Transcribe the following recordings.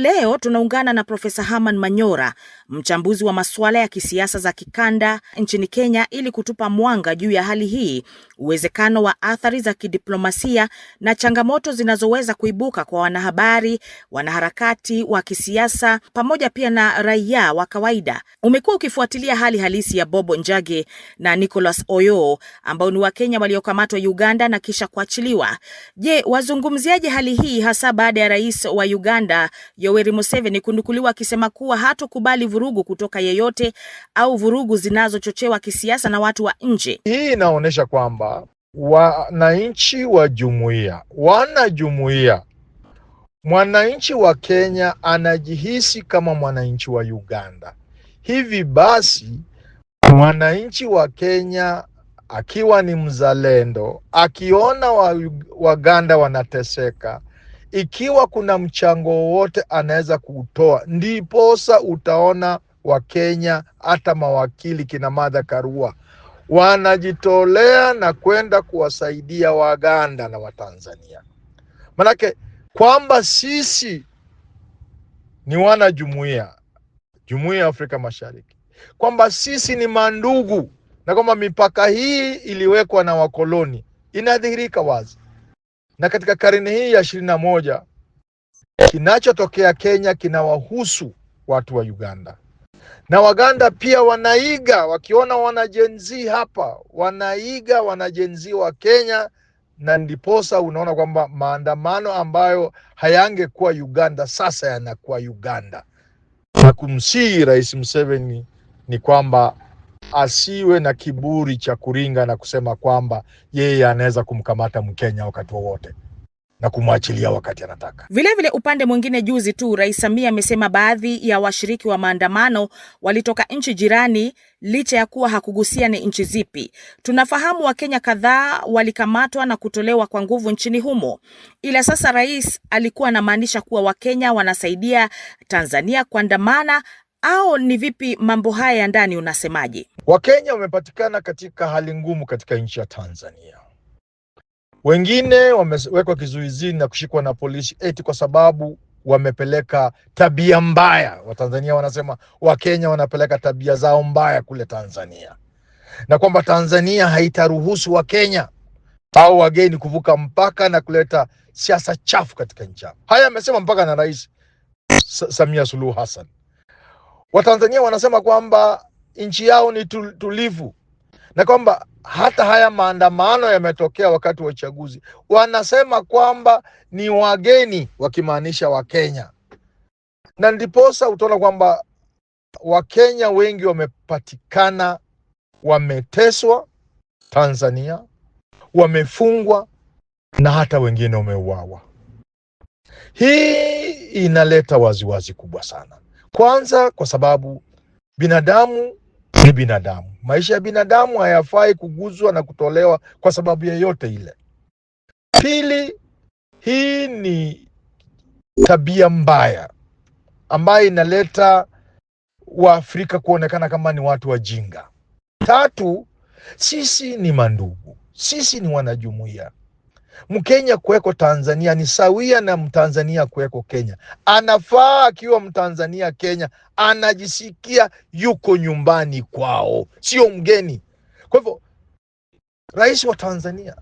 Leo tunaungana na Profesa haman Manyora, mchambuzi wa masuala ya kisiasa za kikanda nchini Kenya, ili kutupa mwanga juu ya hali hii, uwezekano wa athari za kidiplomasia na changamoto zinazoweza kuibuka kwa wanahabari, wanaharakati wa kisiasa pamoja pia na raia wa kawaida. Umekuwa ukifuatilia hali halisi ya Bobo Njage na nicolas Oyo ambao ni Wakenya waliokamatwa Uganda na kisha kuachiliwa. Je, wazungumziaje hali hii hasa baada ya rais wa Uganda Yo Yoweri Museveni kunukuliwa akisema kuwa hatokubali vurugu kutoka yeyote au vurugu zinazochochewa kisiasa na watu wa nje. Hii inaonyesha kwamba wananchi wa jumuiya, wana jumuiya, mwananchi wa Kenya anajihisi kama mwananchi wa Uganda. Hivi basi mwananchi wa Kenya akiwa ni mzalendo, akiona Waganda wa wanateseka ikiwa kuna mchango wowote anaweza kuutoa, ndiposa utaona Wakenya hata mawakili kina Martha Karua wanajitolea na kwenda kuwasaidia Waganda na Watanzania, manake kwamba sisi ni wana jumuiya jumuiya ya Afrika Mashariki, kwamba sisi ni mandugu na kwamba mipaka hii iliwekwa na wakoloni inadhihirika wazi na katika karne hii ya ishirini na moja kinachotokea Kenya kinawahusu watu wa Uganda na Waganda pia wanaiga, wakiona wanajenzi hapa wanaiga wanajenzi wa Kenya, na ndiposa unaona kwamba maandamano ambayo hayangekuwa Uganda sasa yanakuwa Uganda, na kumsihi Rais Museveni ni kwamba asiwe na kiburi cha kuringa na kusema kwamba yeye anaweza kumkamata Mkenya wakati wowote na kumwachilia wakati anataka. Vilevile, upande mwingine, juzi tu Rais Samia amesema baadhi ya washiriki wa maandamano walitoka nchi jirani, licha ya kuwa hakugusia ni nchi zipi. Tunafahamu Wakenya kadhaa walikamatwa na kutolewa kwa nguvu nchini humo, ila sasa rais alikuwa anamaanisha kuwa Wakenya wanasaidia Tanzania kuandamana au ni vipi mambo haya ya ndani unasemaje? Wakenya wamepatikana katika hali ngumu katika nchi ya Tanzania. Wengine wamewekwa kizuizini na kushikwa na polisi eti kwa sababu wamepeleka tabia mbaya. Watanzania wanasema Wakenya wanapeleka tabia zao mbaya kule Tanzania, na kwamba Tanzania haitaruhusu Wakenya au wageni kuvuka mpaka na kuleta siasa chafu katika nchi yao. Haya amesema mpaka na Rais Samia Suluhu Hassan. Watanzania wanasema kwamba nchi yao ni tulivu na kwamba hata haya maandamano yametokea wakati wa uchaguzi. Wanasema kwamba ni wageni, wakimaanisha Wakenya, na ndiposa utaona kwamba Wakenya wengi wamepatikana wameteswa Tanzania, wamefungwa na hata wengine wameuawa. Hii inaleta waziwazi kubwa sana. Kwanza kwa sababu binadamu ni binadamu, maisha ya binadamu hayafai kuguzwa na kutolewa kwa sababu yeyote ile. Pili, hii ni tabia mbaya ambayo inaleta Waafrika kuonekana kama ni watu wajinga. Tatu, sisi ni mandugu, sisi ni wanajumuiya, Mkenya kuweko Tanzania ni sawia na Mtanzania kuweko Kenya. Anafaa akiwa Mtanzania Kenya anajisikia yuko nyumbani kwao, sio mgeni. Kwa hivyo rais wa Tanzania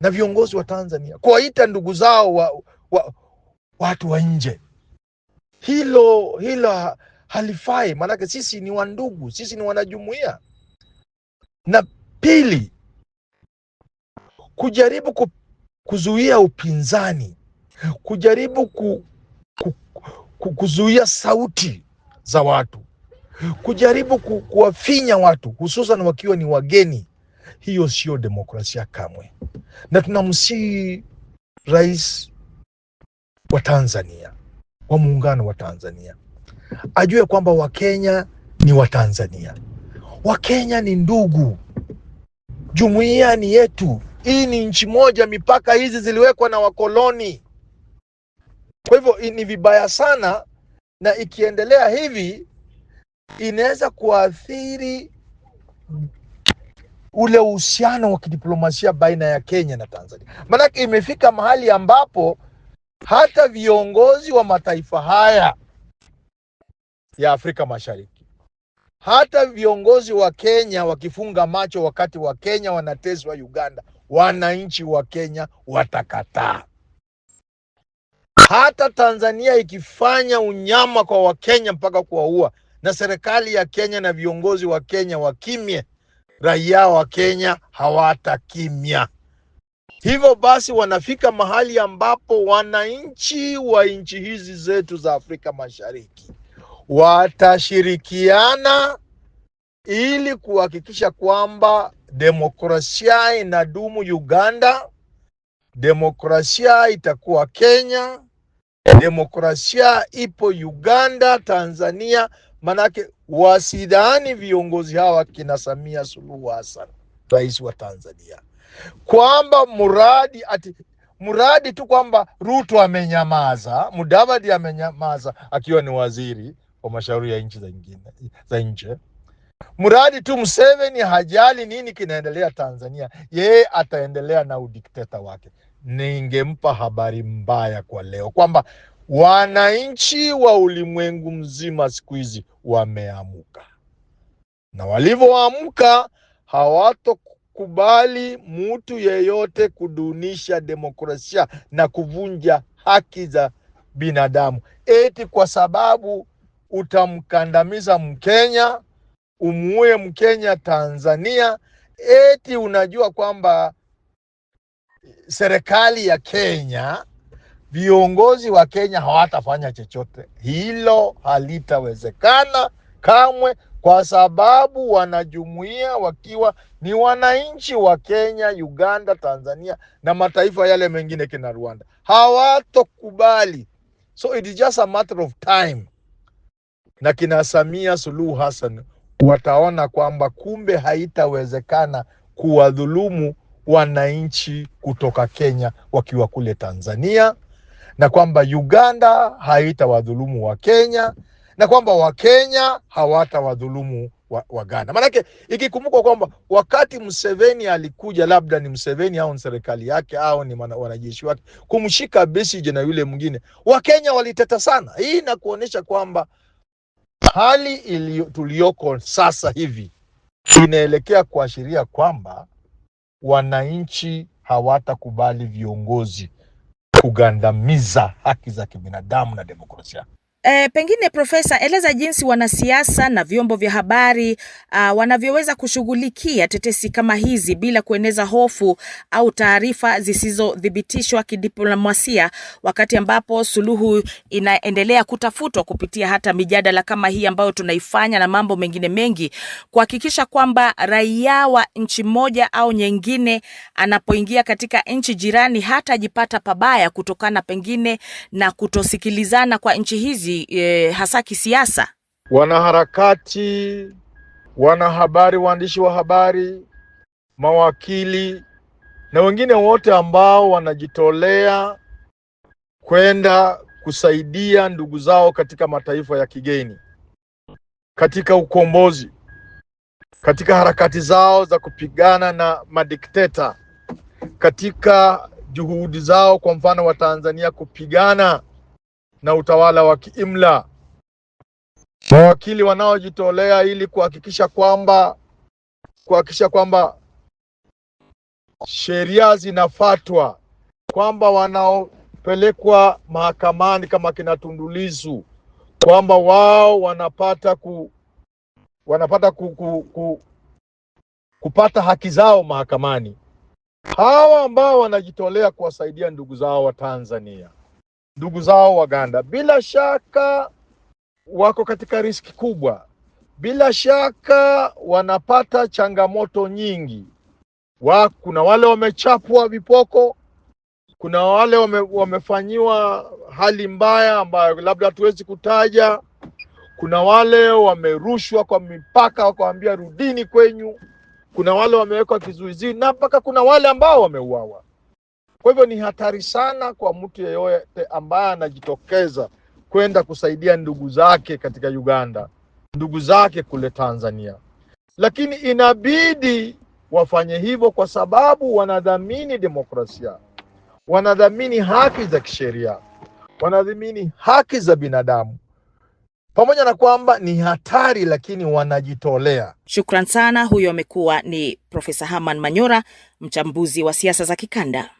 na viongozi wa Tanzania kuwaita ndugu zao wa, wa, watu wa nje, hilo hilo halifai, maanake sisi ni wandugu, sisi ni wanajumuia. Na pili kujaribu ku kuzuia upinzani, kujaribu ku, ku, ku, kuzuia sauti za watu, kujaribu ku, kuwafinya watu hususan wakiwa ni wageni. Hiyo sio demokrasia kamwe, na tunamsihi rais wa Tanzania wa muungano wa Tanzania ajue kwamba Wakenya ni Watanzania, Wakenya ni ndugu, jumuiya ni yetu. Hii ni nchi moja, mipaka hizi ziliwekwa na wakoloni. Kwa hivyo ni vibaya sana, na ikiendelea hivi inaweza kuathiri ule uhusiano wa kidiplomasia baina ya Kenya na Tanzania. Maanake imefika mahali ambapo hata viongozi wa mataifa haya ya Afrika Mashariki, hata viongozi wa Kenya wakifunga macho wakati wa Kenya wanateswa Uganda, wananchi wa Kenya watakataa. Hata Tanzania ikifanya unyama kwa Wakenya mpaka kuwaua, na serikali ya Kenya na viongozi wa Kenya wakimye, raia wa Kenya hawatakimya. Hivyo basi wanafika mahali ambapo wananchi wa nchi hizi zetu za Afrika Mashariki watashirikiana ili kuhakikisha kwamba demokrasia inadumu Uganda, demokrasia itakuwa Kenya, demokrasia ipo Uganda, Tanzania. Manake wasidhani viongozi hawa kina Samia Suluhu Hassan, rais wa Tanzania, kwamba muradi ati mradi tu kwamba Ruto amenyamaza, Mudavadi amenyamaza akiwa ni waziri wa mashauri ya nchi za nje mradi tu Museveni hajali nini kinaendelea Tanzania, yeye ataendelea na udikteta wake. Ningempa habari mbaya kwa leo kwamba wananchi wa ulimwengu mzima siku hizi wameamuka, na walivyoamka hawatokubali mtu yeyote kudunisha demokrasia na kuvunja haki za binadamu eti kwa sababu utamkandamiza Mkenya umuue Mkenya Tanzania eti unajua kwamba serikali ya Kenya, viongozi wa Kenya hawatafanya chochote. Hilo halitawezekana kamwe, kwa sababu wanajumuia wakiwa ni wananchi wa Kenya, Uganda, Tanzania na mataifa yale mengine kina Rwanda hawatokubali, so it is just a matter of time. Na kina Samia Suluhu Hassan wataona kwamba kumbe haitawezekana kuwadhulumu wananchi kutoka Kenya wakiwa kule Tanzania, na kwamba Uganda haitawadhulumu wa Kenya na kwamba Wakenya hawatawadhulumu Waganda wa maanake, ikikumbuka kwamba wakati Mseveni alikuja, labda ni Mseveni au ni serikali yake au ni wanajeshi wake kumshika Besigye na yule mwingine, Wakenya waliteta sana. Hii inakuonyesha kwamba hali tuliyoko sasa hivi inaelekea kuashiria kwamba wananchi hawatakubali viongozi kugandamiza haki za kibinadamu na demokrasia. E, pengine Profesa, eleza jinsi wanasiasa na vyombo vya habari uh, wanavyoweza kushughulikia tetesi kama hizi bila kueneza hofu au taarifa zisizothibitishwa kidiplomasia, wakati ambapo suluhu inaendelea kutafutwa kupitia hata mijadala kama hii ambayo tunaifanya na mambo mengine mengi, kuhakikisha kwamba raia wa nchi moja au nyingine anapoingia katika nchi jirani hata ajipata pabaya kutokana pengine na kutosikilizana kwa nchi hizi hizi e, eh, hasa kisiasa? Wanaharakati, wanahabari, waandishi wa habari, mawakili na wengine wote ambao wanajitolea kwenda kusaidia ndugu zao katika mataifa ya kigeni katika ukombozi, katika harakati zao za kupigana na madikteta, katika juhudi zao, kwa mfano wa Tanzania kupigana na utawala wa kiimla. Mawakili wanaojitolea ili kuhakikisha kwamba kuhakikisha kwamba sheria zinafatwa, kwamba wanaopelekwa mahakamani kama kina Tundu Lissu kwamba wao wanapata ku wanapata ku, ku, ku, kupata haki zao mahakamani. Hawa ambao wanajitolea kuwasaidia ndugu zao wa Tanzania ndugu zao Waganda. Bila shaka wako katika riski kubwa, bila shaka wanapata changamoto nyingi wa, kuna wale wamechapwa vipoko, kuna wale wame, wamefanyiwa hali mbaya ambayo labda hatuwezi kutaja, kuna wale wamerushwa kwa mipaka wakawaambia rudini kwenyu, kuna wale wamewekwa kizuizini na mpaka kuna wale ambao wameuawa. Kwa hivyo ni hatari sana kwa mtu yeyote ambaye anajitokeza kwenda kusaidia ndugu zake katika Uganda, ndugu zake kule Tanzania, lakini inabidi wafanye hivyo kwa sababu wanadhamini demokrasia, wanadhamini haki za kisheria, wanadhamini haki za binadamu pamoja na kwamba ni hatari lakini wanajitolea. Shukran sana. Huyo amekuwa ni Profesa Herman Manyora, mchambuzi wa siasa za kikanda.